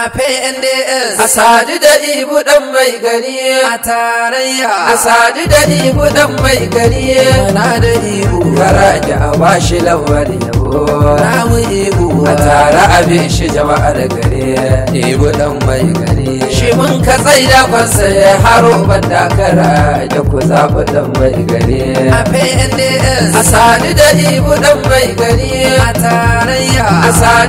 a PNDS a sadu da ibu dan mai gari a tarayya a sadu da ibu dan mai gari na da ibu fara da a bashi lambar yabo na mu ibu a tara abin shi jama'ar gari ibu dan mai gari shi mun ka tsai da kwansa ya haro ban dakara da ku zaɓi dan mai gari a PNDS a sadu da ibu dan mai gari a tarayya a sadu